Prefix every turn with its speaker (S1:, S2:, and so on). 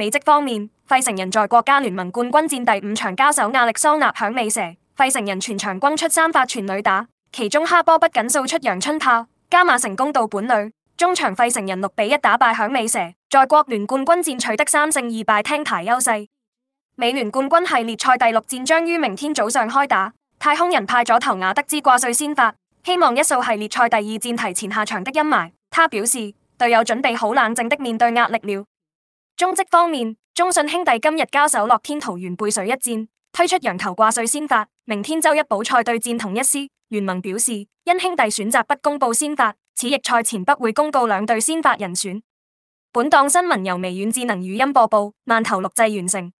S1: 美職方面，費城人在國家聯盟冠軍戰第五場交手亞力桑納響尾蛇，費城人全場轟出三發全壘打，其中哈波不僅掃出陽春炮，加碼成功到本壘，中場費城人六比一打敗響尾蛇，在國聯冠軍戰取得三勝二敗聽牌優勢。美聯冠軍系列賽第六戰將於明天早上開打，太空人派咗投瓦德茲掛帥先發，希望一掃系列賽第二戰提前下場的陰霾。他表示隊友準備好冷靜的面對壓力了。中職方面，中信兄弟今日交手樂天桃園背水一戰，推出羊頭掛帥先發。明天周一補賽對戰同一師，聯盟表示因兄弟選擇不公布先發，此役賽前不會公告兩隊先發人選。本檔新聞由微軟智能語音播報，慢頭錄製完成。